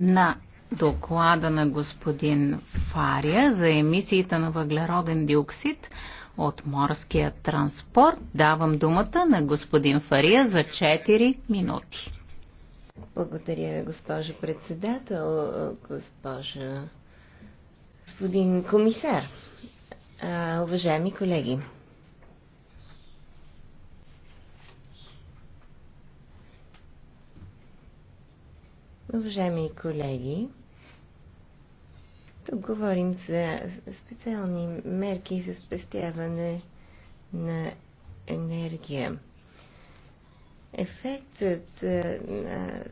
на доклада на господин Фария за емисиите на въглероден диоксид от морския транспорт. Давам думата на господин Фария за 4 минути. Благодаря, госпожо председател, госпожа господин комисар, уважаеми колеги. Уважаеми колеги, тук говорим за специални мерки за спестяване на енергия. Ефектът на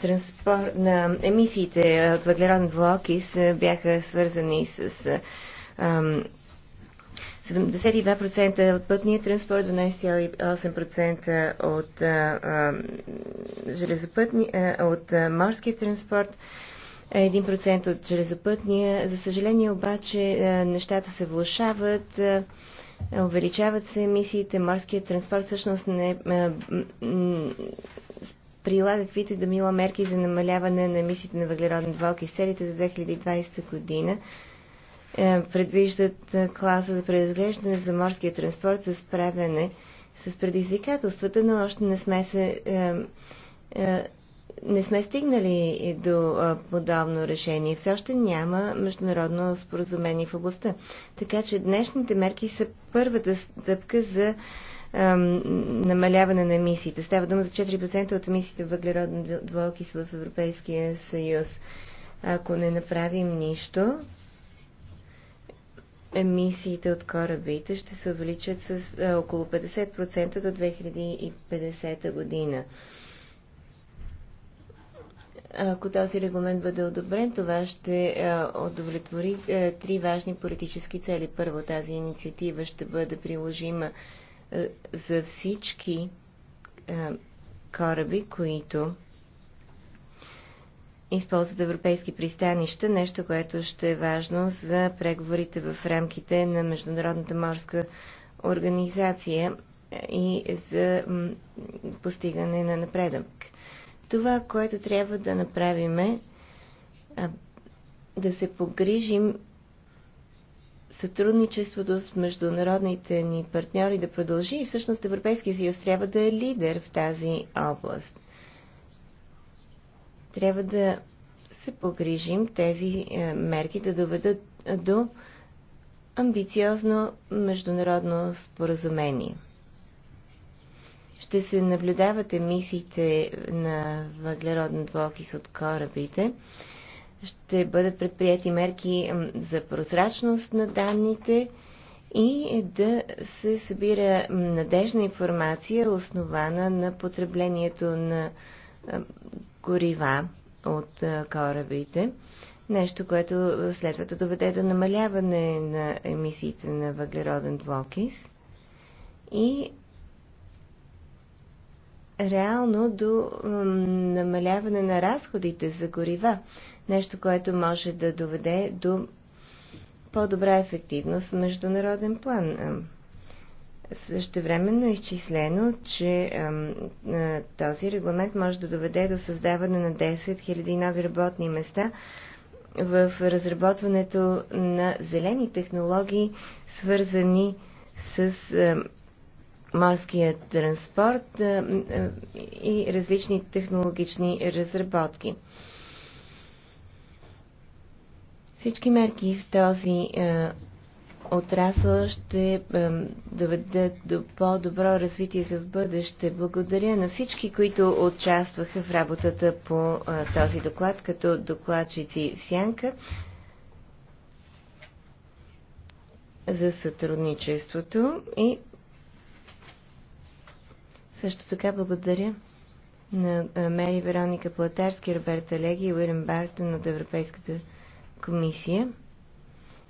транспорт, на емисиите от въглероден двуокис бяха свързани с 72% от пътния транспорт, 12,8% от, а, а, железопътни, а, от а, морския транспорт, 1% от железопътния. За съжаление обаче а, нещата се влушават, а, увеличават се емисиите, морският транспорт всъщност не а, прилага каквито и да мило мерки за намаляване на емисиите на въглероден и целите за 2020 година е, предвиждат е, класа за преразглеждане за морския транспорт за справяне с предизвикателствата, но още не сме се е, не сме стигнали до подобно решение. Все още няма международно споразумение в областта. Така че днешните мерки са първата стъпка за намаляване на емисиите. Става дума за 4% от емисиите въглероден двуокис в Европейския съюз. Ако не направим нищо, емисиите от корабите ще се увеличат с е, около 50% до 2050 година. Ако този регламент бъде одобрен, това ще е, удовлетвори е, три важни политически цели. Първо, тази инициатива ще бъде приложима за всички кораби, които използват европейски пристанища, нещо, което ще е важно за преговорите в рамките на Международната морска организация и за постигане на напредък. Това, което трябва да направим е да се погрижим сътрудничеството с международните ни партньори да продължи и всъщност Европейския съюз трябва да е лидер в тази област. Трябва да се погрижим тези е, мерки да доведат е, до амбициозно международно споразумение. Ще се наблюдават емисиите на въглероден двокис от корабите. Ще бъдат предприяти мерки е, за прозрачност на данните и да се събира надежна информация, основана на потреблението на горива от корабите. Нещо, което следва да доведе до намаляване на емисиите на въглероден двокис и реално до намаляване на разходите за горива. Нещо, което може да доведе до по-добра ефективност в международен план. Същевременно е изчислено, че ам, а, този регламент може да доведе до създаване на 10 000 нови работни места в разработването на зелени технологии, свързани с ам, морския транспорт ам, и различни технологични разработки. Всички мерки в този отрасъл ще доведат до по-добро развитие за в бъдеще. Благодаря на всички, които участваха в работата по е, този доклад, като докладчици в Сянка за сътрудничеството и също така благодаря на е, Мери Вероника Платарски, Роберта Леги и Уирен Бартен от Европейската комисия.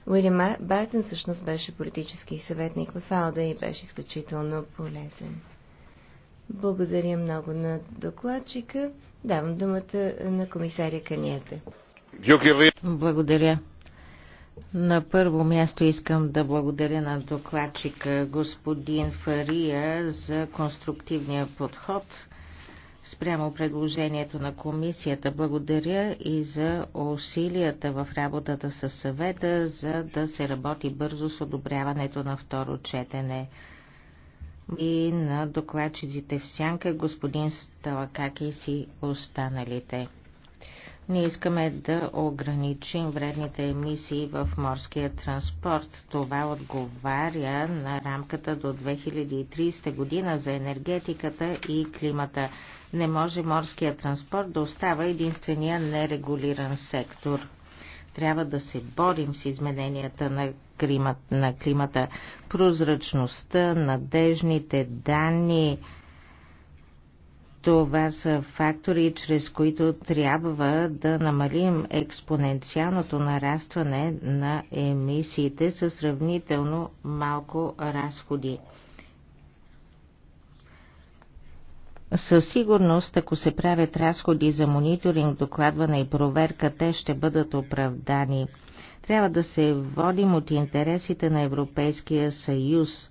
Уилям Бартън всъщност беше политически съветник в Алда и беше изключително полезен. Благодаря много на докладчика. Давам думата на комисаря Каниете. Благодаря. На първо място искам да благодаря на докладчика господин Фария за конструктивния подход спрямо предложението на комисията. Благодаря и за усилията в работата със съвета, за да се работи бързо с одобряването на второ четене. И на докладчиците в сянка, господин Сталакаки и останалите. Ние искаме да ограничим вредните емисии в морския транспорт. Това отговаря на рамката до 2030 година за енергетиката и климата. Не може морския транспорт да остава единствения нерегулиран сектор. Трябва да се борим с измененията на, климат, на климата. Прозрачността, надежните данни, това са фактори, чрез които трябва да намалим експоненциалното нарастване на емисиите с сравнително малко разходи. Със сигурност, ако се правят разходи за мониторинг, докладване и проверка, те ще бъдат оправдани. Трябва да се водим от интересите на Европейския съюз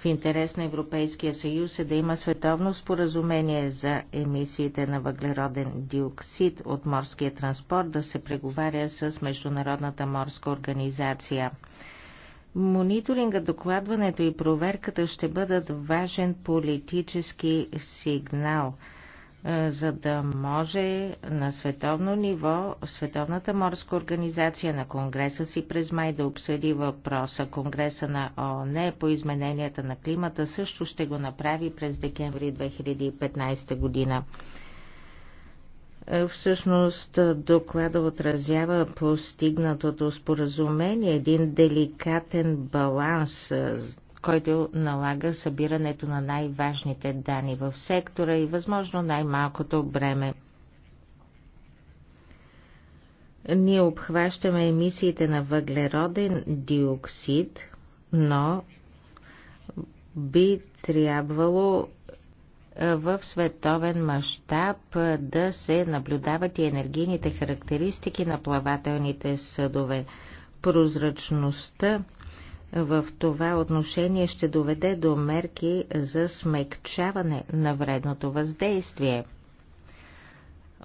в интерес на Европейския съюз е да има световно споразумение за емисиите на въглероден диоксид от морския транспорт да се преговаря с Международната морска организация. Мониторинга, докладването и проверката ще бъдат важен политически сигнал – е, за да може на световно ниво Световната морска организация на Конгреса си през май да обсъди въпроса. Конгреса на ООН по измененията на климата също ще го направи през декември 2015 година. Е, всъщност доклада отразява постигнатото споразумение, един деликатен баланс е, който налага събирането на най-важните данни в сектора и възможно най-малкото бреме. Ние обхващаме емисиите на въглероден диоксид, но би трябвало в световен мащаб да се наблюдават и енергийните характеристики на плавателните съдове. Прозрачността в това отношение ще доведе до мерки за смекчаване на вредното въздействие.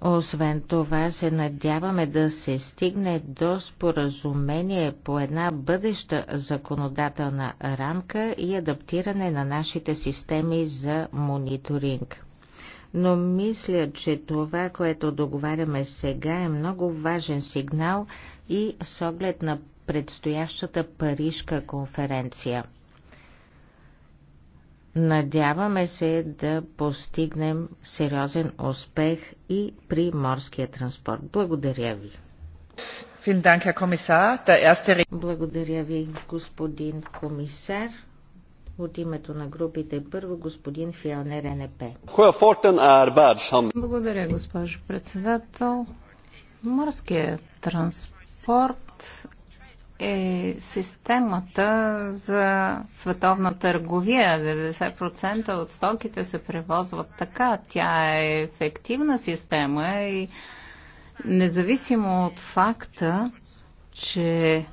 Освен това се надяваме да се стигне до споразумение по една бъдеща законодателна рамка и адаптиране на нашите системи за мониторинг. Но мисля, че това, което договаряме сега е много важен сигнал и с оглед на предстоящата Парижка конференция. Надяваме се да постигнем сериозен успех и при морския транспорт. Благодаря ви. Благодаря ви, господин комисар. От името на групите първо господин Фионер НП. Благодаря, госпожо председател. Морският транспорт е системата за световна търговия. 90% от стоките се превозват така. Тя е ефективна система и независимо от факта, че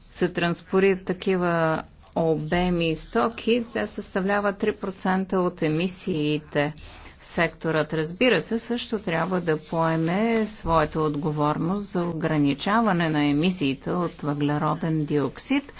се транспорират такива обеми и стоки, те съставляват 3% от емисиите. Секторът, разбира се, също трябва да поеме своята отговорност за ограничаване на емисиите от въглероден диоксид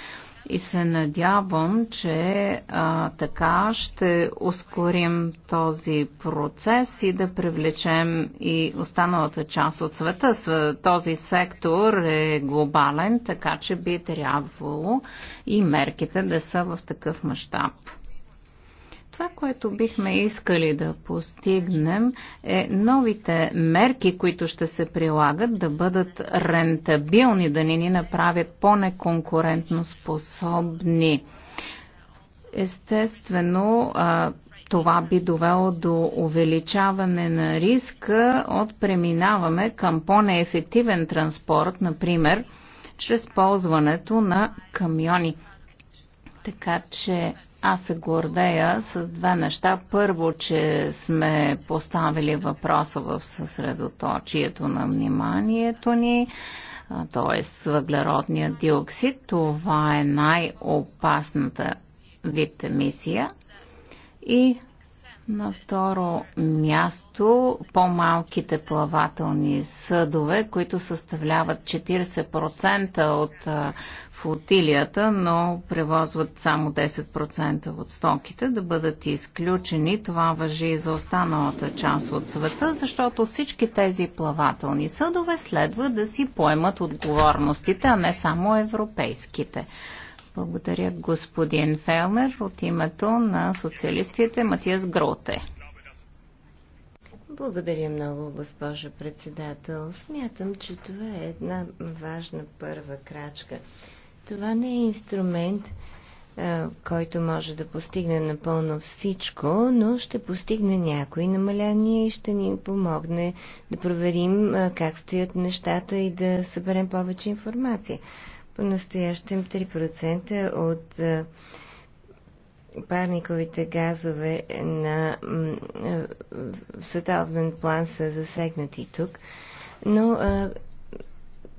и се надявам, че а, така ще ускорим този процес и да привлечем и останалата част от света. Този сектор е глобален, така че би трябвало и мерките да са в такъв мащаб. Това, което бихме искали да постигнем е новите мерки, които ще се прилагат, да бъдат рентабилни, да не ни направят по-неконкурентно способни. Естествено, това би довело до увеличаване на риска от преминаваме към по-неефективен транспорт, например, чрез ползването на камиони. Така че аз се гордея с две неща. Първо, че сме поставили въпроса в съсредоточието на вниманието ни т.е. въглеродния диоксид. Това е най-опасната вид емисия. И на второ място по-малките плавателни съдове, които съставляват 40% от флотилията, но превозват само 10% от стоките, да бъдат изключени. Това въжи и за останалата част от света, защото всички тези плавателни съдове следва да си поемат отговорностите, а не само европейските. Благодаря, господин Фелнер. От името на социалистите Матиас Гроте. Благодаря много, госпожа председател. Смятам, че това е една важна първа крачка. Това не е инструмент, който може да постигне напълно всичко, но ще постигне някои намаляния и ще ни помогне да проверим как стоят нещата и да съберем повече информация. По-настоящем 3% от парниковите газове на световен план са засегнати тук, но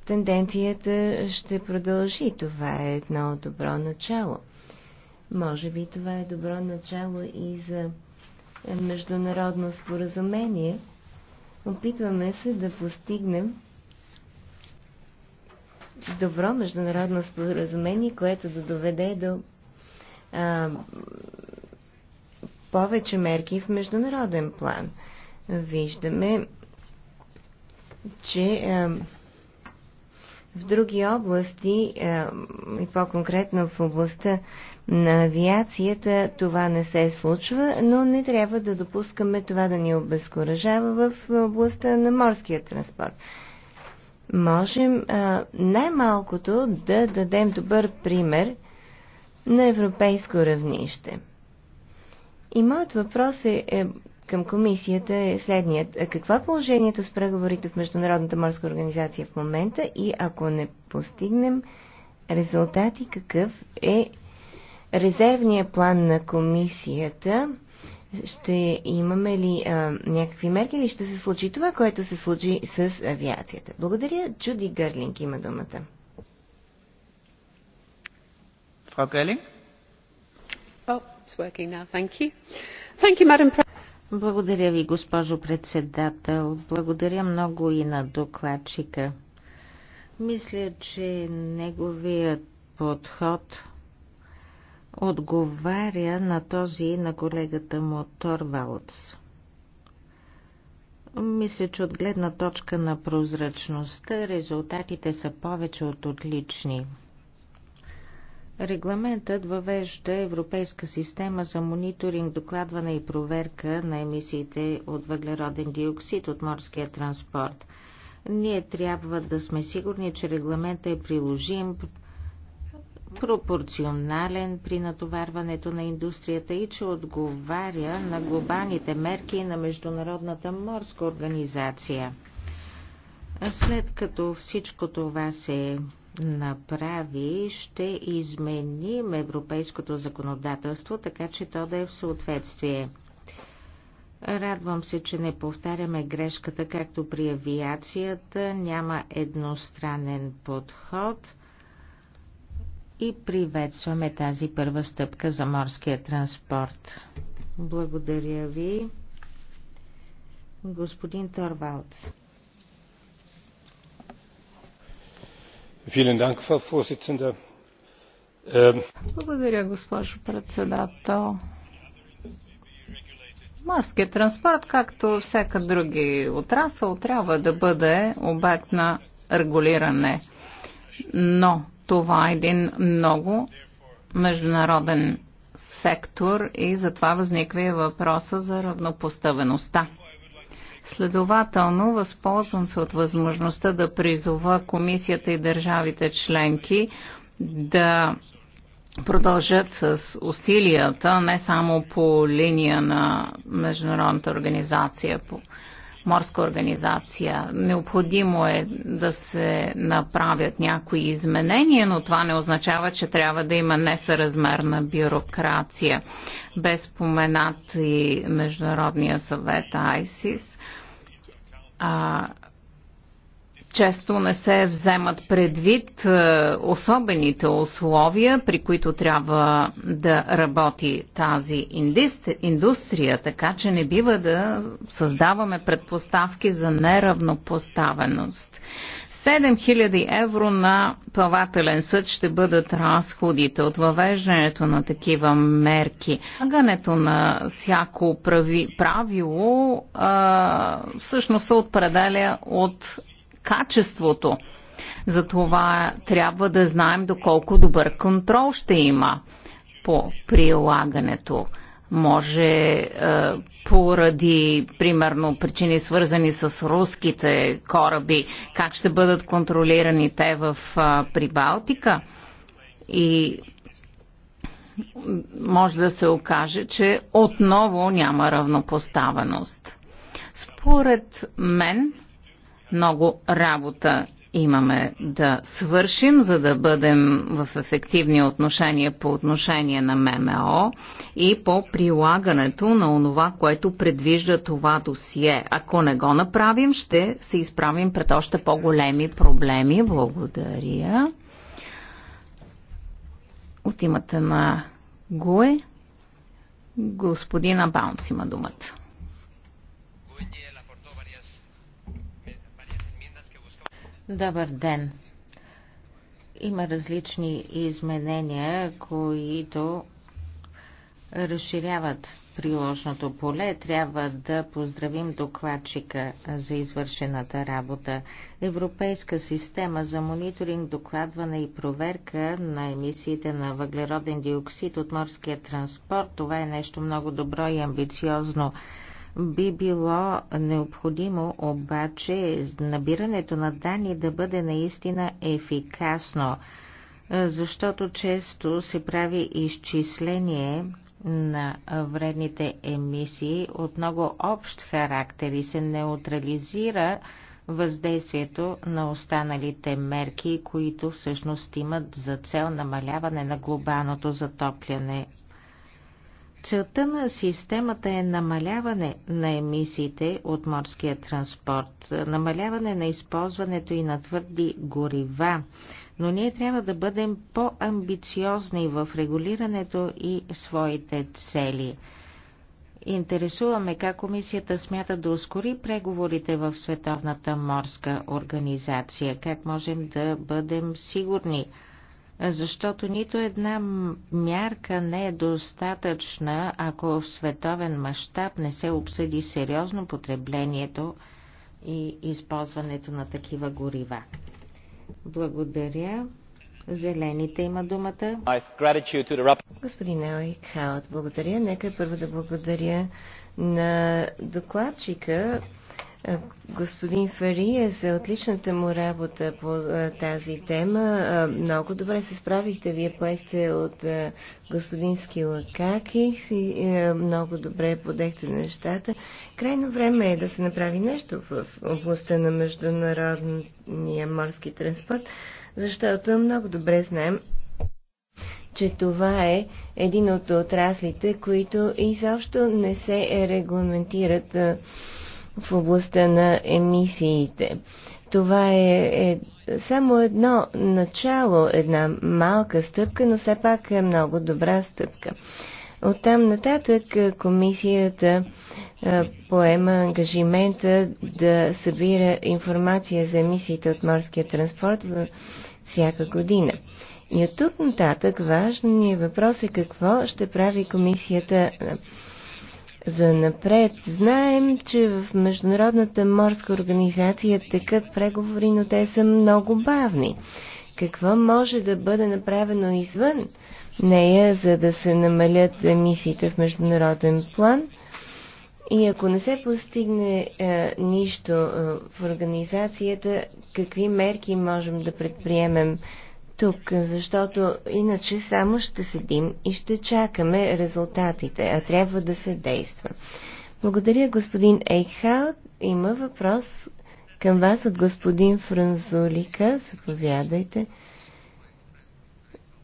тенденцията ще продължи. Това е едно добро начало. Може би това е добро начало и за международно споразумение. Опитваме се да постигнем добро международно споразумение, което да доведе до а, повече мерки в международен план. Виждаме, че а, в други области, а, и по-конкретно в областта на авиацията, това не се случва, но не трябва да допускаме това да ни обезкуражава в областта на морския транспорт можем най-малкото да дадем добър пример на европейско равнище. И моят въпрос е, е към комисията е следният. Какво е положението с преговорите в Международната морска организация в момента и ако не постигнем резултати, какъв е резервният план на комисията ще имаме ли а, някакви мерки или ще се случи това, което се случи с авиацията? Благодаря. Джуди Гърлинг има думата. Фрау Гърлинг? Oh, Благодаря ви, госпожо председател. Благодаря много и на докладчика. Мисля, че неговият подход отговаря на този на колегата му Торвалдс. Мисля, че от гледна точка на прозрачността резултатите са повече от отлични. Регламентът въвежда Европейска система за мониторинг, докладване и проверка на емисиите от въглероден диоксид от морския транспорт. Ние трябва да сме сигурни, че регламентът е приложим, пропорционален при натоварването на индустрията и че отговаря на глобалните мерки на Международната морска организация. След като всичко това се направи, ще изменим европейското законодателство, така че то да е в съответствие. Радвам се, че не повтаряме грешката, както при авиацията. Няма едностранен подход – и приветстваме тази първа стъпка за морския транспорт. Благодаря ви, господин Торвалц. Ähm, Благодаря, госпожо председател. Морският транспорт, както всяка други отрасъл, трябва да бъде обект на регулиране. Но това е един много международен сектор и затова възниква и въпроса за равнопоставеността. Следователно, възползвам се от възможността да призова комисията и държавите членки да продължат с усилията не само по линия на Международната организация по морска организация. Необходимо е да се направят някои изменения, но това не означава, че трябва да има несъразмерна бюрокрация. Без споменат и Международния съвет АИСИС. А, често не се вземат предвид е, особените условия, при които трябва да работи тази индустрия, така че не бива да създаваме предпоставки за неравнопоставеност. 7000 евро на плавателен съд ще бъдат разходите от въвеждането на такива мерки. Агането на всяко прави, правило а, е, всъщност се определя от качеството. Затова трябва да знаем доколко добър контрол ще има по прилагането. Може е, поради, примерно, причини свързани с руските кораби, как ще бъдат контролирани те в е, Прибалтика. И може да се окаже, че отново няма равнопоставеност. Според мен, много работа имаме да свършим, за да бъдем в ефективни отношения по отношение на ММО и по прилагането на онова, което предвижда това досие. Ако не го направим, ще се изправим пред още по-големи проблеми. Благодаря. От имата на ГУЕ, господина Баунс има думата. Добър ден! Има различни изменения, които разширяват приложното поле. Трябва да поздравим докладчика за извършената работа. Европейска система за мониторинг, докладване и проверка на емисиите на въглероден диоксид от морския транспорт. Това е нещо много добро и амбициозно. Би било необходимо обаче набирането на данни да бъде наистина ефикасно, защото често се прави изчисление на вредните емисии от много общ характер и се неутрализира въздействието на останалите мерки, които всъщност имат за цел намаляване на глобалното затопляне Целта на системата е намаляване на емисиите от морския транспорт, намаляване на използването и на твърди горива, но ние трябва да бъдем по-амбициозни в регулирането и своите цели. Интересуваме как комисията смята да ускори преговорите в Световната морска организация, как можем да бъдем сигурни – защото нито една мярка не е достатъчна, ако в световен мащаб не се обсъди сериозно потреблението и използването на такива горива. Благодаря. Зелените има думата. Господин Елик Каут, благодаря. Нека първо да благодаря на докладчика е, господин Фария за отличната му работа по е, тази тема. Е, много добре се справихте. Вие поехте от господин Скилакаки и много добре подехте нещата. Крайно време е да се направи нещо в областта на международния морски транспорт, защото много добре знаем, че това е един от отраслите, които изобщо не се регламентират в областта на емисиите. Това е, е само едно начало, една малка стъпка, но все пак е много добра стъпка. Оттам нататък е, комисията е, поема ангажимента да събира информация за емисиите от морския транспорт всяка година. И от тук нататък важният въпрос е какво ще прави комисията е, за напред. Знаем, че в Международната морска организация текат преговори, но те са много бавни. Какво може да бъде направено извън нея, за да се намалят емисиите в международен план? И ако не се постигне е, нищо е, в организацията, какви мерки можем да предприемем тук, защото иначе само ще седим и ще чакаме резултатите, а трябва да се действа. Благодаря, господин Ейхаут. Има въпрос към вас от господин Франзулика. Заповядайте.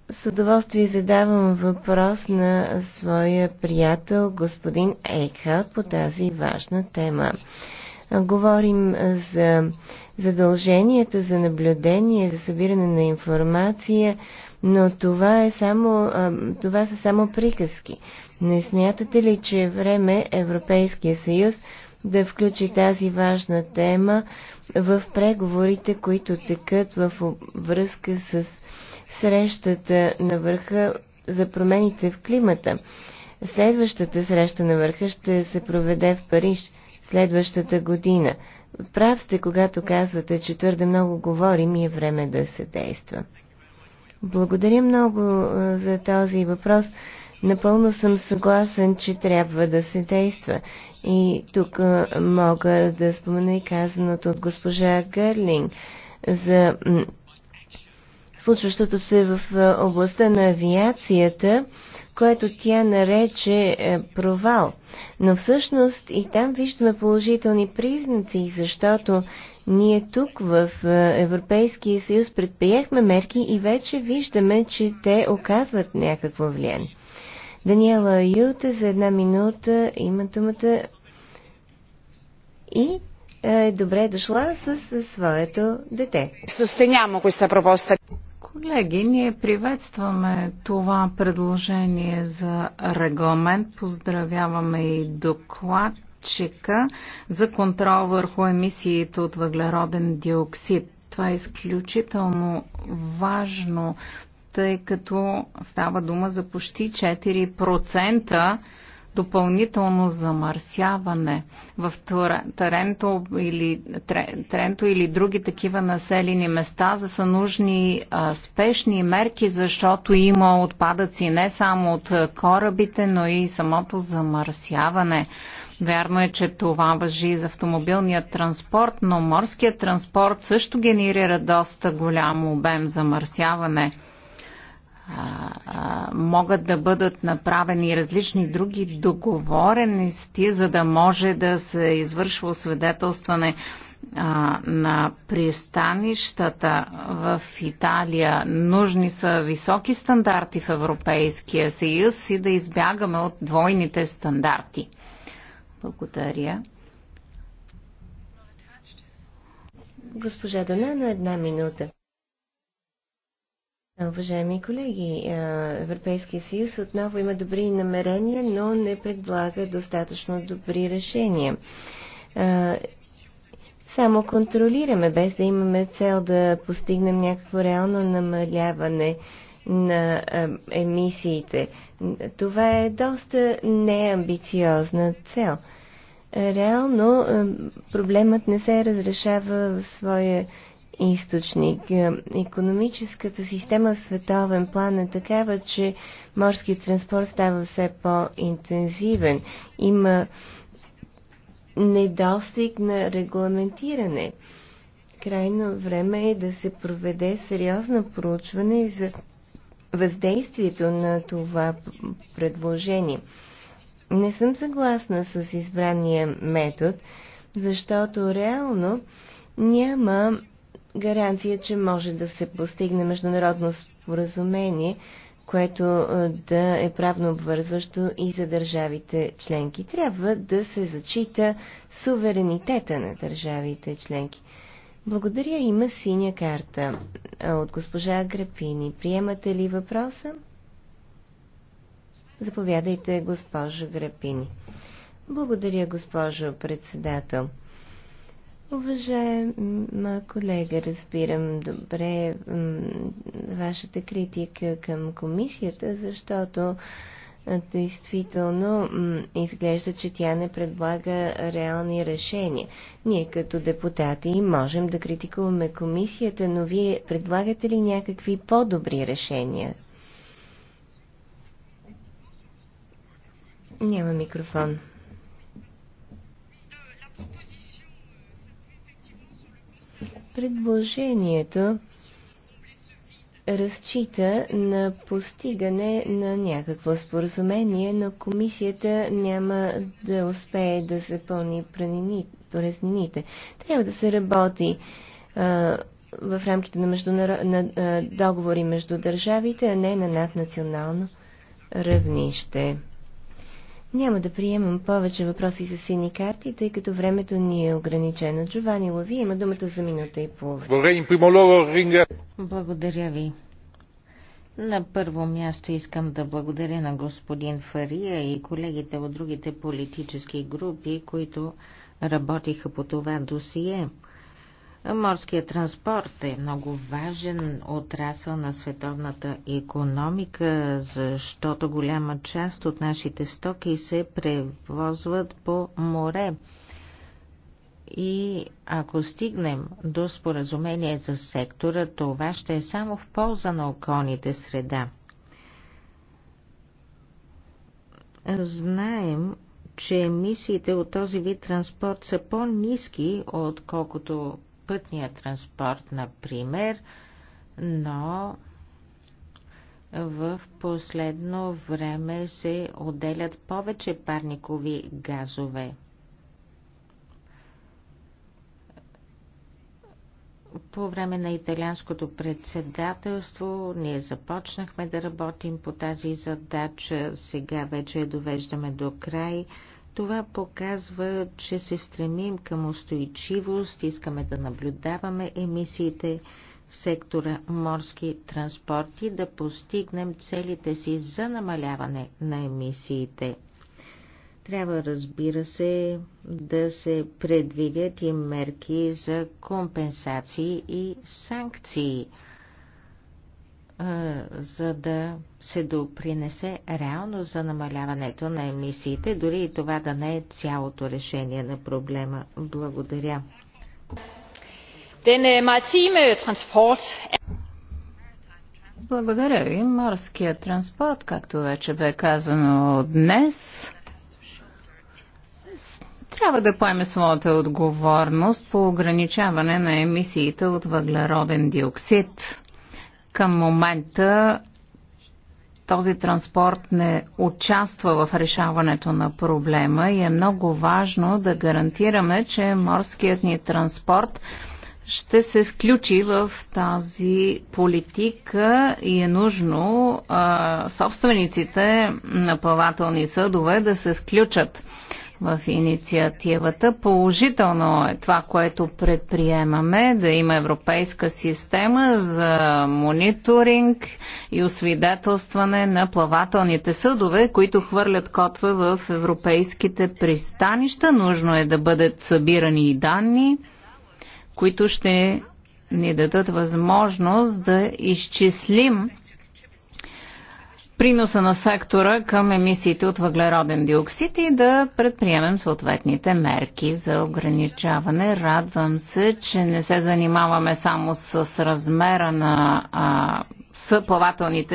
С удоволствие задавам въпрос на своя приятел господин Ейкхаут по тази важна тема. Говорим за задълженията за наблюдение, за събиране на информация, но това, е само, това са само приказки. Не смятате ли, че е време Европейския съюз да включи тази важна тема в преговорите, които текат в връзка с срещата на върха за промените в климата? Следващата среща на върха ще се проведе в Париж – следващата година. Прав сте, когато казвате, че твърде много говорим и е време да се действа. Благодаря много е, за този въпрос. Напълно съм съгласен, че трябва да се действа. И тук е, мога да спомена и казаното от госпожа Гърлинг за случващото се в е, областта на авиацията което тя нарече е, провал. Но всъщност и там виждаме положителни признаци, защото ние тук в е, Европейския съюз предприехме мерки и вече виждаме, че те оказват някакво влияние. Даниела Юта за една минута има думата и е добре е дошла с своето дете. Sosteniamo questa proposta. Колеги, ние приветстваме това предложение за регламент. Поздравяваме и докладчика за контрол върху емисиите от въглероден диоксид. Това е изключително важно, тъй като става дума за почти 4% допълнително замърсяване в Тренто или, Тренто или други такива населени места, за са нужни а, спешни мерки, защото има отпадъци не само от корабите, но и самото замърсяване. Вярно е, че това въжи за автомобилния транспорт, но морският транспорт също генерира доста голям обем замърсяване могат да бъдат направени различни други договорености, за да може да се извършва освидетелстване на пристанищата в Италия. Нужни са високи стандарти в Европейския съюз и да избягаме от двойните стандарти. Благодаря. Госпожа на една минута. Уважаеми колеги, Европейския съюз отново има добри намерения, но не предлага достатъчно добри решения. Само контролираме, без да имаме цел да постигнем някакво реално намаляване на емисиите. Това е доста неамбициозна цел. Реално проблемът не се разрешава в своя източник. Е, економическата система в световен план е такава, че морският транспорт става все по-интензивен. Има недостиг на регламентиране. Крайно време е да се проведе сериозно проучване за въздействието на това предложение. Не съм съгласна с избрания метод, защото реално няма гаранция, че може да се постигне международно споразумение, което да е правно обвързващо и за държавите членки. Трябва да се зачита суверенитета на държавите членки. Благодаря, има синя карта от госпожа Грапини. Приемате ли въпроса? Заповядайте, госпожо Грапини. Благодаря, госпожо председател. Уважаема колега, разбирам добре вашата критика към комисията, защото действително изглежда, че тя не предлага реални решения. Ние като депутати можем да критикуваме комисията, но вие предлагате ли някакви по-добри решения? Няма микрофон. Предложението разчита на постигане на някакво споразумение, но комисията няма да успее да запълни празнините. Трябва да се работи в рамките на, международ... на договори между държавите, а не на наднационално равнище. Няма да приемам повече въпроси за сини карти, тъй като времето ни е ограничено. Джовани Лави има думата за минута и половина. Благодаря ви. На първо място искам да благодаря на господин Фария и колегите от другите политически групи, които работиха по това досие. Морският транспорт е много важен отрасъл на световната економика, защото голяма част от нашите стоки се превозват по море. И ако стигнем до споразумение за сектора, това ще е само в полза на околните среда. Знаем, че емисиите от този вид транспорт са по-низки, отколкото пътния транспорт, например, но в последно време се отделят повече парникови газове. По време на италианското председателство ние започнахме да работим по тази задача. Сега вече я довеждаме до край. Това показва, че се стремим към устойчивост, искаме да наблюдаваме емисиите в сектора морски транспорт и да постигнем целите си за намаляване на емисиите. Трябва, разбира се, да се предвидят и мерки за компенсации и санкции – за да се допринесе реално за намаляването на емисиите, дори и това да не е цялото решение на проблема. Благодаря. Øh, er- Благодаря ви. Морският транспорт, както вече бе казано днес, трябва да поеме своята отговорност по ограничаване на емисиите от въглероден диоксид. Към момента този транспорт не участва в решаването на проблема и е много важно да гарантираме, че морският ни транспорт ще се включи в тази политика и е нужно а, собствениците на плавателни съдове да се включат в инициативата. Положително е това, което предприемаме, да има европейска система за мониторинг и освидетелстване на плавателните съдове, които хвърлят котва в европейските пристанища. Нужно е да бъдат събирани и данни, които ще ни дадат възможност да изчислим приноса на сектора към емисиите от въглероден диоксид и да предприемем съответните мерки за ограничаване. Радвам се, че не се занимаваме само с размера на а,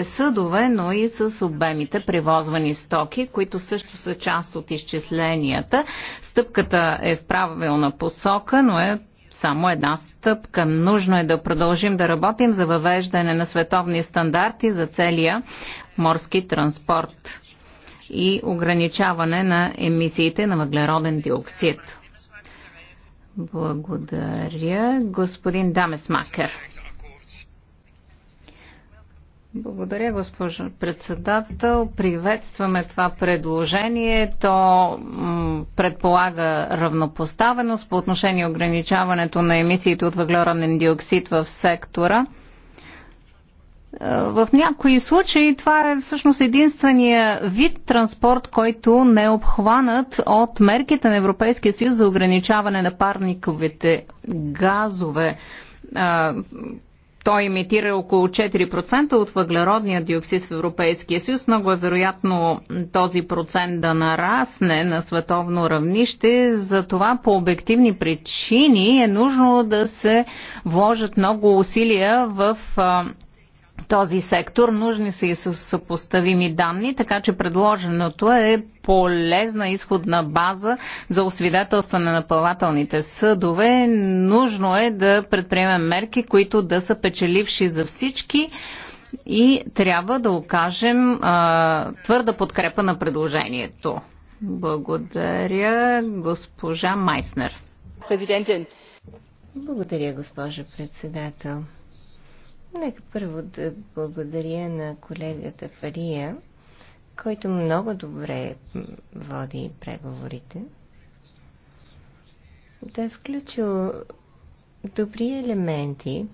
съдове, но и с обемите превозвани стоки, които също са част от изчисленията. Стъпката е в правилна посока, но е само една стъпка. Нужно е да продължим да работим за въвеждане на световни стандарти за целия морски транспорт и ограничаване на емисиите на въглероден диоксид. Благодаря, господин Дамес Макер. Благодаря, госпожо председател. Приветстваме това предложение. То предполага равнопоставеност по отношение ограничаването на емисиите от въглероден диоксид в сектора. Е, в някои случаи това е всъщност единствения вид транспорт, който не е обхванат от мерките на Европейския съюз за ограничаване на парниковите газове е, той имитира около 4% от въглеродния диоксид в Европейския съюз. Много е вероятно този процент да нарасне на световно равнище. За това по обективни причини е нужно да се вложат много усилия в този сектор. Нужни са и с съпоставими данни, така че предложеното е полезна изходна база за освидетелстване на плавателните съдове. Нужно е да предприемем мерки, които да са печеливши за всички и трябва да окажем а, твърда подкрепа на предложението. Благодаря, госпожа Майснер. Благодаря, госпожа председател. Нека първо да благодаря на колегата Фария, който много добре води преговорите. Да е включил добри елементи,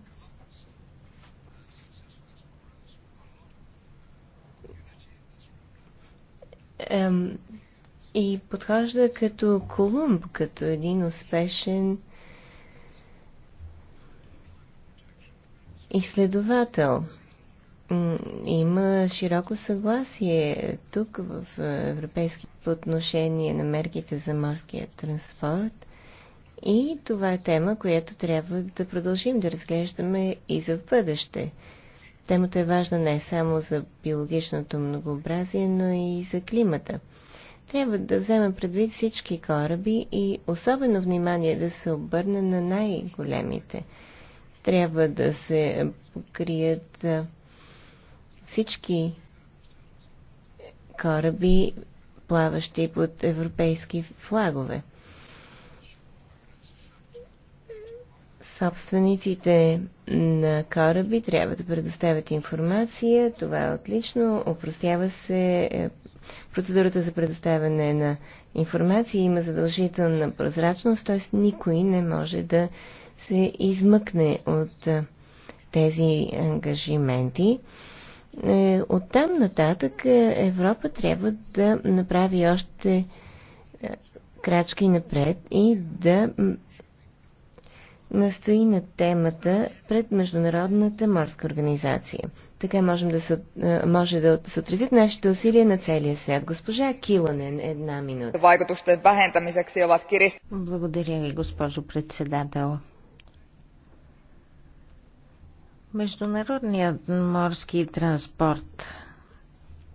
и подхожда като Колумб, като един успешен изследовател. Има широко съгласие тук в е, европейски по отношение на мерките за морския транспорт и това е тема, която трябва да продължим да разглеждаме и за в бъдеще. Темата е важна не само за биологичното многообразие, но и за климата. Трябва да вземем предвид всички кораби и особено внимание да се обърне на най-големите – трябва да се покрият всички кораби, плаващи под европейски флагове. Собствениците на кораби трябва да предоставят информация. Това е отлично. Опростява се е, процедурата за предоставяне на информация. Има задължителна прозрачност, т.е. никой не може да се измъкне от тези ангажименти. Е, от там нататък е, Европа трябва да направи още е, крачки напред и да настои на темата пред Международната морска организация. Така можем да се, може да се отразят нашите усилия на целия свят. Госпожа Килонен, една минута. Благодаря ви, госпожо председател. Международният морски транспорт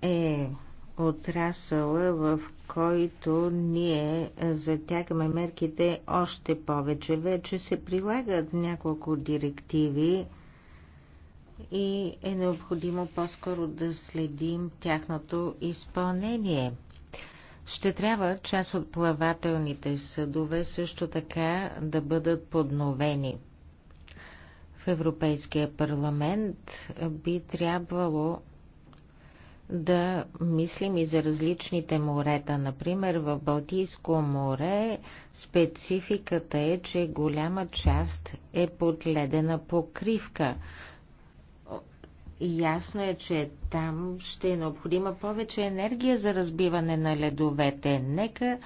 е отрасъл, в който ние затягаме мерките още повече. Вече се прилагат няколко директиви и е необходимо по-скоро да следим тяхното изпълнение. Ще трябва част от плавателните съдове също така да бъдат подновени – в Европейския парламент би трябвало да мислим и за различните морета. Например, в Балтийско море спецификата е, че голяма част е под ледена покривка. Ясно е, че там ще е необходима повече енергия за разбиване на ледовете. Нека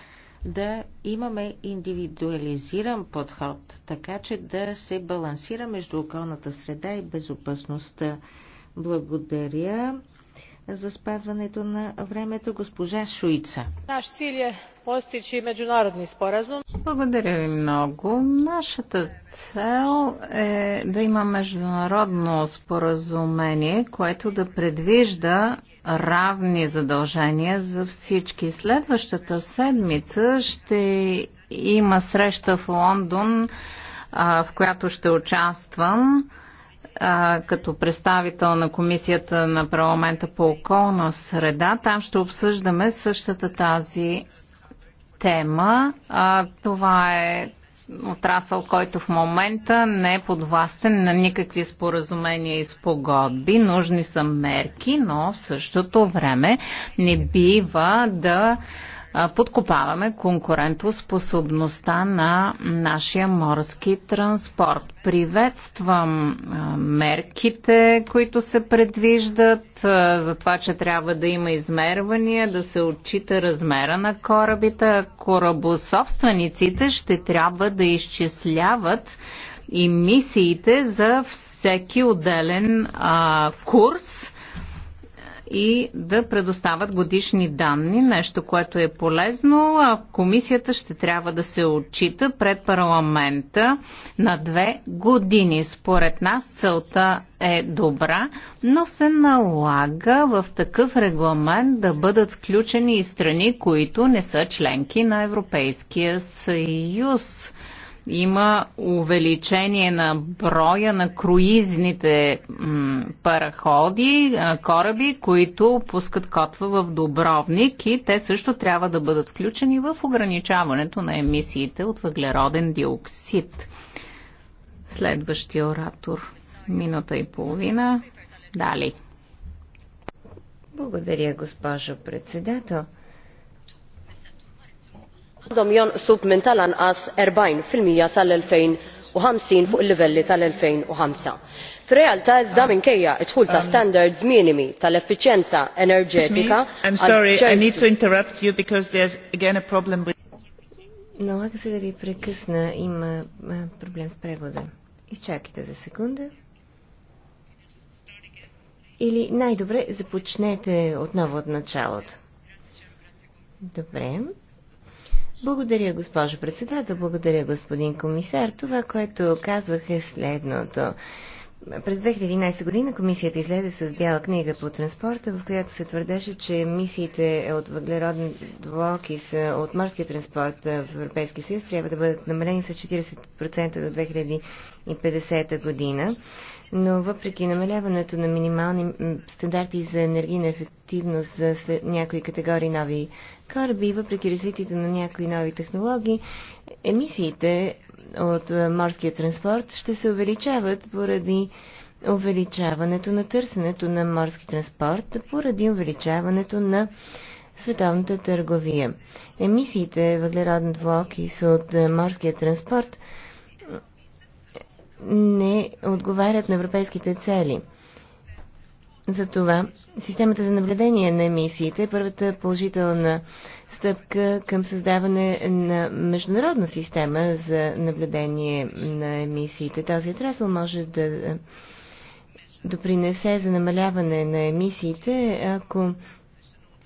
да имаме индивидуализиран подход, така че да се балансира между околната среда и безопасността. Благодаря за спазването на времето госпожа Шуица. Наш циль е постичи международни споразум. Благодаря ви много. Нашата цел е да има международно споразумение, което да предвижда равни задължения за всички. Следващата седмица ще има среща в Лондон, в която ще участвам като представител на Комисията на парламента по околна среда. Там ще обсъждаме същата тази тема. това е отрасъл, който в момента не е подвластен на никакви споразумения и спогодби. Нужни са мерки, но в същото време не бива да подкопаваме конкурентоспособността на нашия морски транспорт. Приветствам мерките, които се предвиждат за това, че трябва да има измервания, да се отчита размера на корабите. Корабособствениците ще трябва да изчисляват емисиите за всеки отделен а, курс и да предоставят годишни данни, нещо, което е полезно. А комисията ще трябва да се отчита пред парламента на две години. Според нас целта е добра, но се налага в такъв регламент да бъдат включени и страни, които не са членки на Европейския съюз има увеличение на броя на круизните параходи, кораби, които пускат котва в Добровник и те също трябва да бъдат включени в ограничаването на емисиите от въглероден диоксид. Следващия оратор. Минута и половина. Дали. Благодаря, госпожо председател għandhom jonqsu minn tal anqas erbgħin fil-mija sal-2050 fuq il-livelli tal-2005. fir-realtà iżda minkejja d dħul ta' standards minimi tal effiċjenza enerġetika Налага се да prekisna im problem s prevode. превода. Изчакайте за Ili najdubre най od navod na от Dobre. Dobre. Благодаря, госпожо председател, благодаря, господин комисар. Това, което казвах е следното. През 2011 година комисията излезе с бяла книга по транспорта, в която се твърдеше, че емисиите от въглероден са е, от морския транспорт е, в Европейския съюз трябва да бъдат намалени с 40% до 2050 година но въпреки намаляването на минимални стандарти за енергийна ефективност за някои категории нови кораби, въпреки развитието на някои нови технологии, емисиите от е, морския транспорт ще се увеличават поради увеличаването на търсенето на морски транспорт, поради увеличаването на световната търговия. Емисиите въглероден двуокис от е, морския транспорт – не отговарят на европейските цели. Затова системата за наблюдение на емисиите е първата положителна стъпка към създаване на международна система за наблюдение на емисиите. Този отрасъл може да допринесе за намаляване на емисиите, ако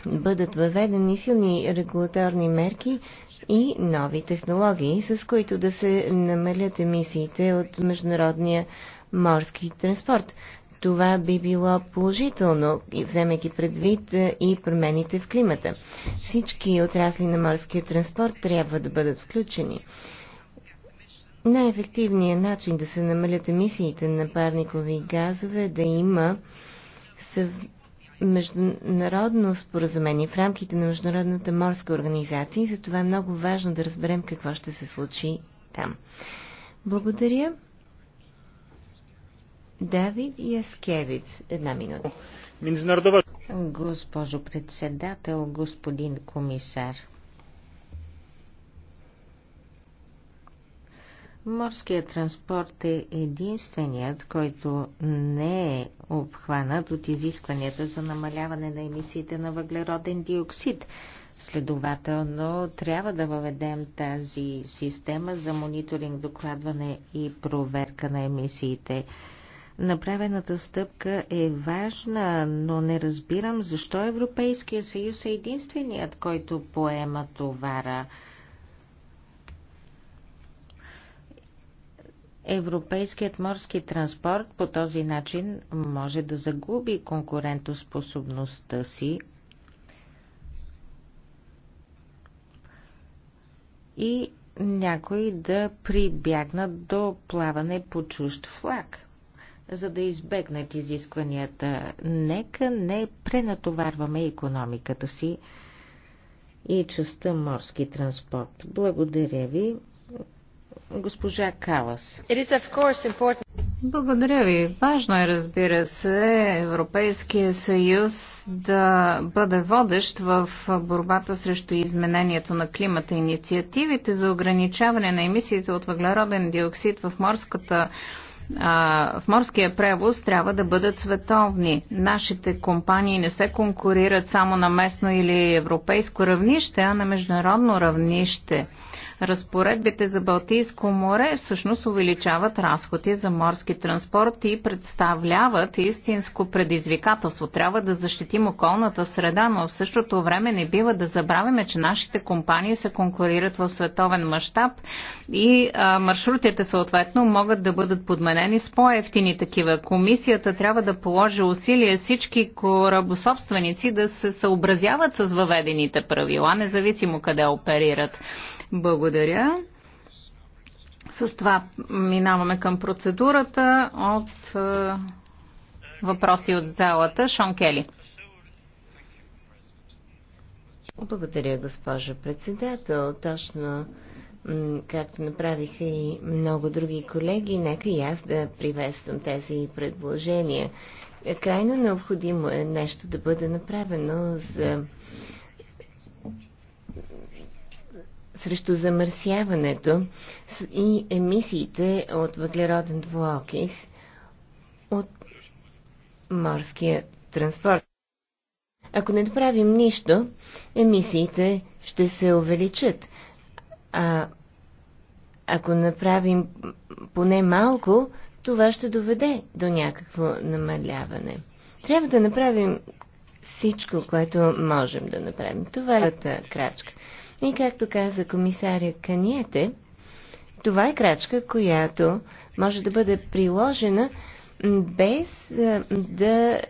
бъдат въведени силни регулаторни мерки и нови технологии, с които да се намалят емисиите от международния морски транспорт. Това би било положително, вземайки предвид е, и промените в климата. Всички отрасли на морския транспорт трябва да бъдат включени. Най-ефективният начин да се намалят емисиите на парникови газове е да има съв международно споразумение в рамките на Международната морска организация и това е много важно да разберем какво ще се случи там. Благодаря. Давид Яскевиц, една минута. Госпожо председател, господин комисар, Морският транспорт е единственият, който не е обхванат от изискванията за намаляване на емисиите на въглероден диоксид. Следователно, трябва да въведем тази система за мониторинг, докладване и проверка на емисиите. Направената стъпка е важна, но не разбирам защо Европейския съюз е единственият, който поема товара. Европейският морски транспорт по този начин може да загуби конкурентоспособността си и някои да прибягнат до плаване по чужд флаг, за да избегнат изискванията. Нека не пренатоварваме економиката си и частта морски транспорт. Благодаря ви. Госпожа Калас. Благодаря ви. Важно е, разбира се, Европейския съюз да бъде водещ в борбата срещу изменението на климата. Инициативите за ограничаване на емисиите от въглероден диоксид в морската в морския превоз трябва да бъдат световни. Нашите компании не се конкурират само на местно или европейско равнище, а на международно равнище. Разпоредбите за Балтийско море всъщност увеличават разходи за морски транспорт и представляват истинско предизвикателство. Трябва да защитим околната среда, но в същото време не бива да забравяме, че нашите компании се конкурират в световен мащаб и а, маршрутите съответно могат да бъдат подменени с по-ефтини такива. Комисията трябва да положи усилия всички корабособственици да се съобразяват с въведените правила, независимо къде оперират. Благодаря. С това минаваме към процедурата от е, въпроси от залата. Шон Кели. Благодаря, госпожа председател. Точно както направиха и много други колеги, нека и аз да приветствам тези предложения. Крайно необходимо е нещо да бъде направено за срещу замърсяването и емисиите от въглероден двуокис от морския транспорт. Ако не направим нищо, емисиите ще се увеличат. А ако направим поне малко, това ще доведе до някакво намаляване. Трябва да направим всичко, което можем да направим. Това е крачка. И както каза комисаря Каниете, това е крачка, която може да бъде приложена без да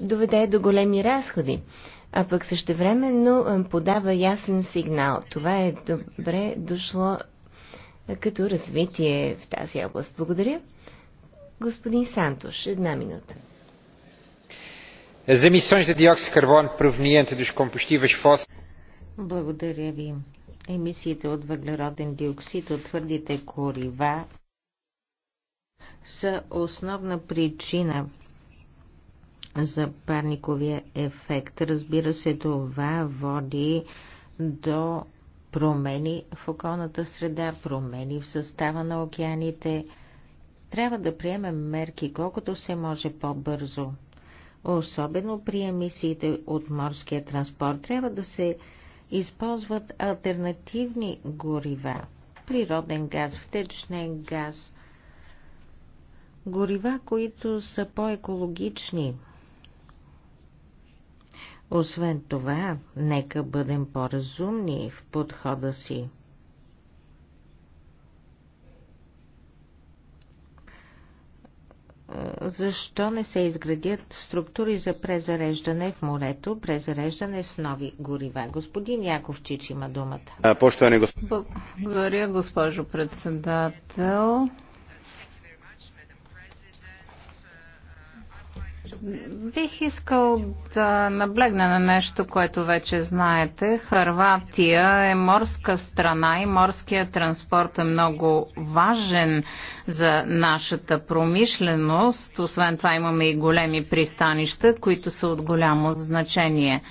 доведе до големи разходи, а пък същевременно подава ясен сигнал. Това е добре дошло като развитие в тази област. Благодаря. Господин Сантош, една минута. As emissões de dióxido de carbono proveniente dos combustíveis fósseis. Благодаря ви. Емисиите от въглероден диоксид от твърдите корива са основна причина за парниковия ефект. Разбира се, това води до промени в околната среда, промени в състава на океаните. Трябва да приемем мерки колкото се може по-бързо. Особено при емисиите от морския транспорт трябва да се използват альтернативни горива, природен газ, втечнен газ, горива, които са по-екологични. Освен това, нека бъдем по-разумни в подхода си. защо не се изградят структури за презареждане в морето, презареждане с нови горива? Господин Яковчич има думата. Благодаря, госпожо председател. Бих искал да наблегна на нещо, което вече знаете. Харватия е морска страна и морският транспорт е много важен за нашата промишленост. Освен това имаме и големи пристанища, които са от голямо значение.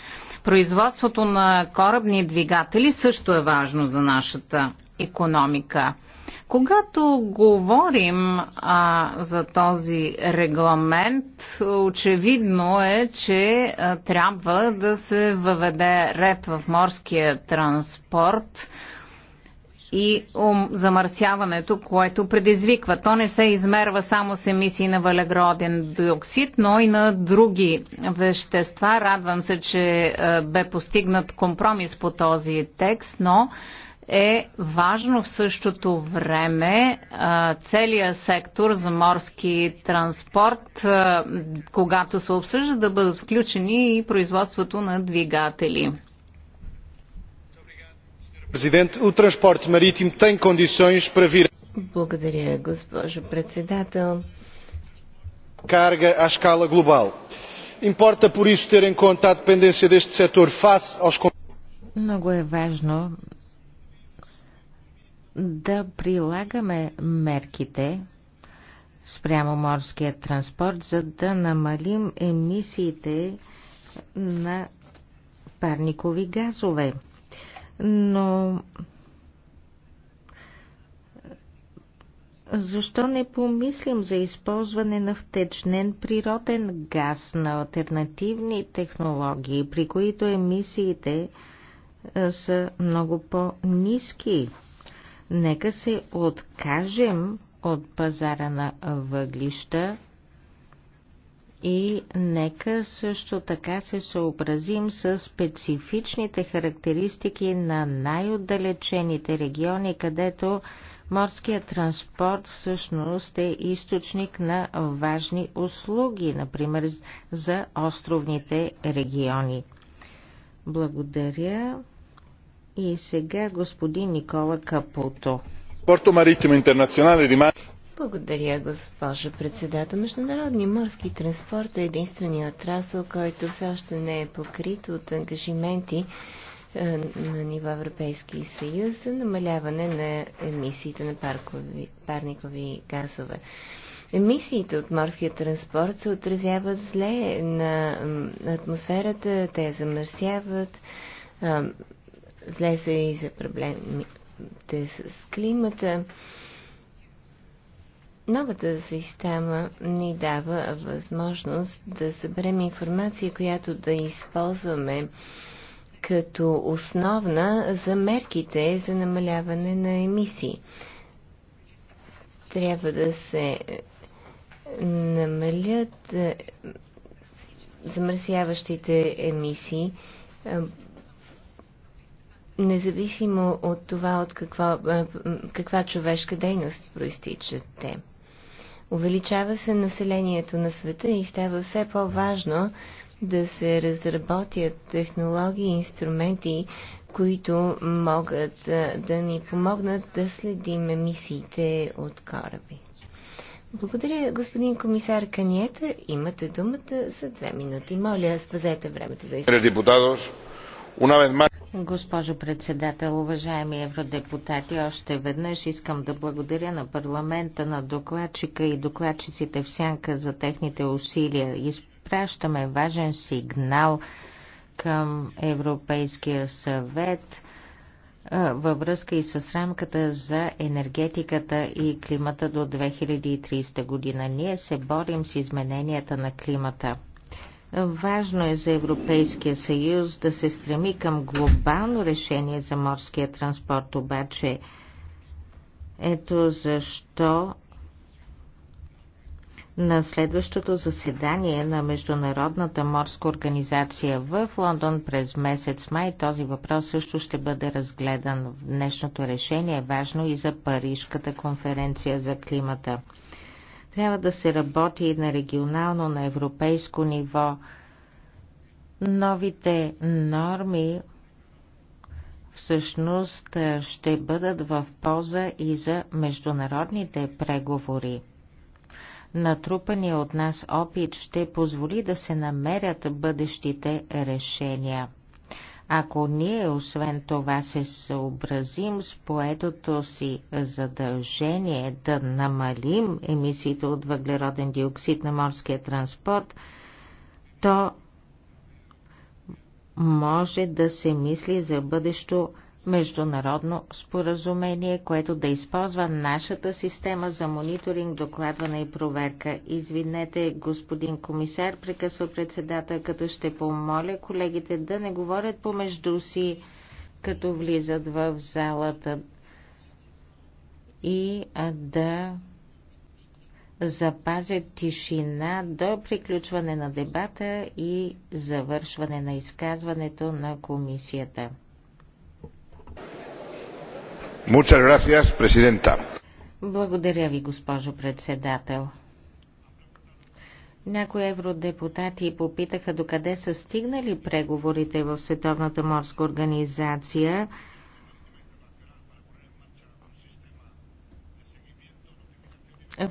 Производството на корабни двигатели също е важно за нашата економика. Когато говорим а, за този регламент, очевидно е, че а, трябва да се въведе ред в морския транспорт и замърсяването, което предизвиква. То не се измерва само с емисии на валегроден диоксид, но и на други вещества. Радвам се, че бе постигнат компромис по този текст, но е важно в същото време целият сектор за морски транспорт, когато се обсъжда, да бъдат включени и производството на двигатели. Благодаря, госпожо председател. Карга à escala global. Importa, por isso, ter em conta a dependência deste Много е важно да прилагаме мерките спрямо морския транспорт, за да намалим емисиите на парникови газове. Но защо не помислим за използване на втечнен природен газ на альтернативни технологии, при които емисиите са много по-низки? Нека се откажем от пазара на въглища и нека също така се съобразим с специфичните характеристики на най-отдалечените региони, където морският транспорт всъщност е източник на важни услуги, например за островните региони. Благодаря. И сега господин Никола Капуто. Порто Маритимо Интернационал рима... Благодаря, госпожо председател. Международни морски транспорт е единствения отрасъл, който все още не е покрит от ангажименти е, на ниво Европейски съюз за намаляване на емисиите на паркови, парникови газове. Емисиите от морския транспорт се отразяват зле на атмосферата, те замърсяват, влезе и за проблемите с климата. Новата система ни дава възможност да съберем информация, която да използваме като основна за мерките за намаляване на емисии. Трябва да се намалят е, замърсяващите емисии е, независимо от това от какво, е, каква човешка дейност проистичат те. Увеличава се населението на света и става все по-важно да се разработят технологии и инструменти, които могат е, да ни помогнат да следим емисиите от кораби. Благодаря, господин комисар Каниета. Имате думата за две минути. Моля, спазете времето за изказване. Госпожо председател, уважаеми евродепутати, още веднъж искам да благодаря на парламента, на докладчика и докладчиците в сянка за техните усилия. Изпращаме важен сигнал към Европейския съвет във връзка и с рамката за енергетиката и климата до 2030 година. Ние се борим с измененията на климата. Важно е за Европейския съюз да се стреми към глобално решение за морския транспорт, обаче ето защо на следващото заседание на Международната морска организация в Лондон през месец май този въпрос също ще бъде разгледан. Днешното решение е важно и за Парижката конференция за климата. Трябва да се работи и на регионално, на европейско ниво. Новите норми всъщност ще бъдат в полза и за международните преговори. Натрупания от нас опит ще позволи да се намерят бъдещите решения. Ако ние освен това се съобразим с поетото си задължение да намалим емисиите от въглероден диоксид на морския транспорт, то може да се мисли за бъдещо международно споразумение, което да използва нашата система за мониторинг, докладване и проверка. Извинете, господин комисар, прекъсва председател, като ще помоля колегите да не говорят помежду си, като влизат в залата и да запазят тишина до приключване на дебата и завършване на изказването на комисията. Благодаря ви, госпожо председател. Някои евродепутати попитаха докъде са стигнали преговорите в Световната морска организация.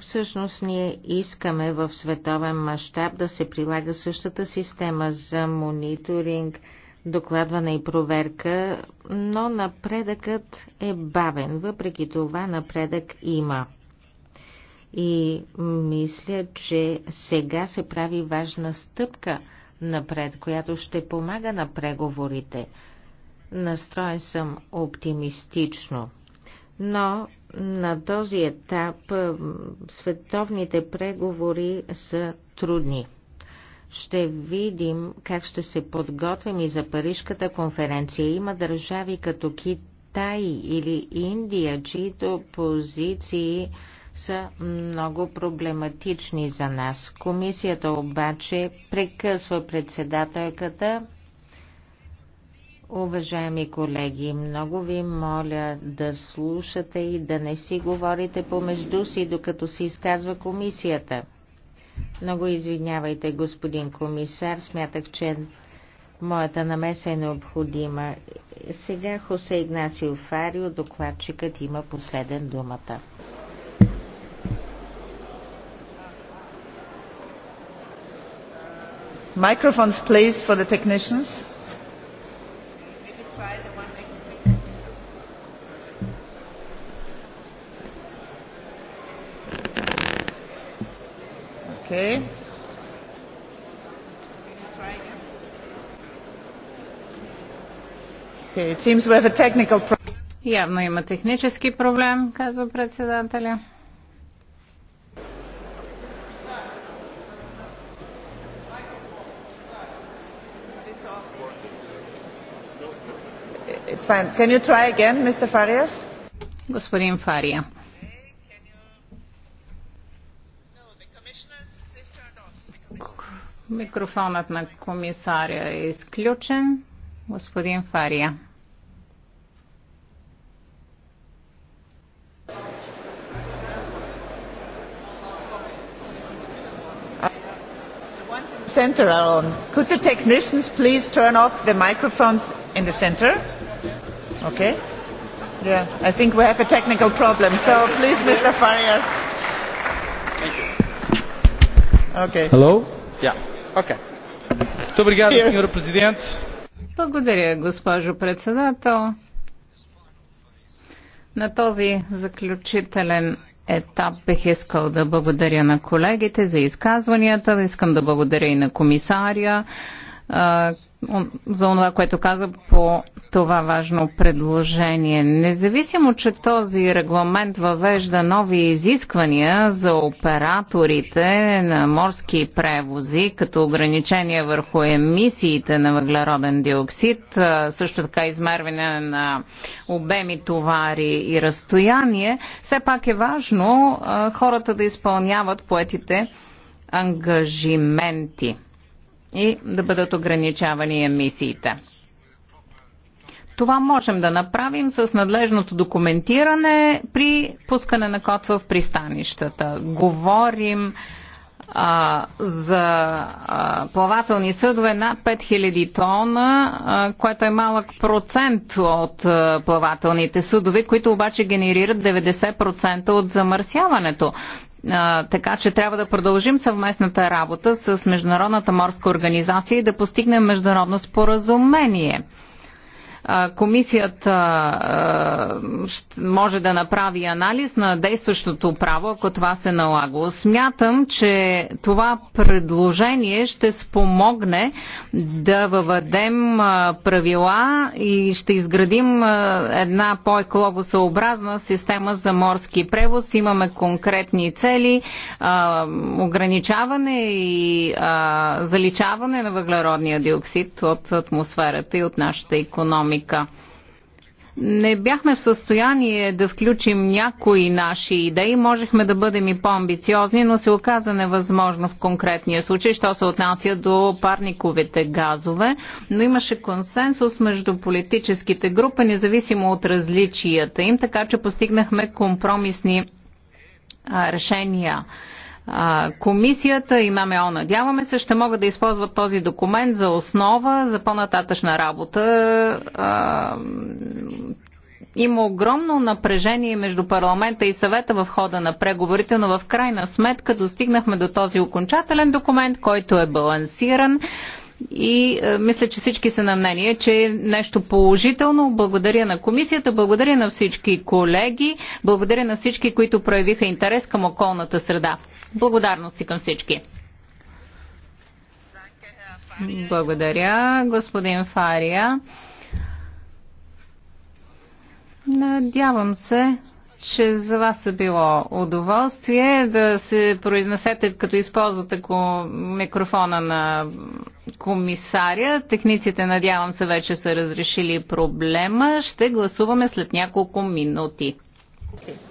Всъщност ние искаме в световен мащаб да се прилага същата система за мониторинг – докладване и проверка, но напредъкът е бавен. Въпреки това напредък има. И мисля, че сега се прави важна стъпка напред, която ще помага на преговорите. Настроен съм оптимистично. Но на този етап световните преговори са трудни ще видим как ще се подготвим и за Парижката конференция. Има държави като Китай или Индия, чието позиции са много проблематични за нас. Комисията обаче прекъсва председателката. Уважаеми колеги, много ви моля да слушате и да не си говорите помежду си, докато се изказва комисията. Много извинявайте, господин комисар. Смятах, че моята намеса е необходима. Сега Хосе Игнасио Фарио, докладчикът, има последен думата. Microphones, please, for the technicians. Okay. okay it seems we have a technical problem. Явно има технически проблем, казва председателя. It's fine. Can you try again, Mr. Farias? Господин Фария. Микрофонът на комисаря е изключен. Господин Фария. center alone. Could the technicians please turn off the microphones in the center? Okay. Yeah, I think we have a technical problem. So please, Mr. Farias. Thank you. Okay. Hello? Yeah Okay. Благодаря, госпожо председател. На този заключителен етап бих искал да благодаря на колегите за изказванията, искам да благодаря и на комисария за това, което каза по това важно предложение. Независимо, че този регламент въвежда нови изисквания за операторите на морски превози, като ограничения върху емисиите на въглероден диоксид, също така измерване на обеми товари и разстояние, все пак е важно хората да изпълняват поетите ангажименти и да бъдат ограничавани емисиите. Това можем да направим с надлежното документиране при пускане на код в пристанищата. Говорим а, за а, плавателни съдове над 5000 тона, а, което е малък процент от а, плавателните съдове, които обаче генерират 90% от замърсяването. А, така че трябва да продължим съвместната работа с Международната морска организация и да постигнем международно споразумение комисията може да направи анализ на действащото право, ако това се налага. Смятам, че това предложение ще спомогне да въведем правила и ще изградим една по-екологосъобразна система за морски превоз. Имаме конкретни цели, ограничаване и заличаване на въглеродния диоксид от атмосферата и от нашата економика економика. Не бяхме в състояние да включим някои наши идеи, можехме да бъдем и по-амбициозни, но се оказа невъзможно в конкретния случай, що се отнася до парниковите газове, но имаше консенсус между политическите групи, независимо от различията им, така че постигнахме компромисни решения а, комисията и О, надяваме се, ще могат да използват този документ за основа за по-нататъчна работа. А, има огромно напрежение между парламента и съвета в хода на преговорите, но в крайна сметка достигнахме до този окончателен документ, който е балансиран, и а, е, мисля, че всички са на мнение, че е нещо положително. Благодаря на комисията, благодаря на всички колеги, благодаря на всички, които проявиха интерес към околната среда. Благодарности към всички. Благодаря, господин Фария. Надявам се, че за вас е било удоволствие да се произнесете, като използвате микрофона на комисаря. Техниците, надявам се, вече са разрешили проблема. Ще гласуваме след няколко минути. Okay.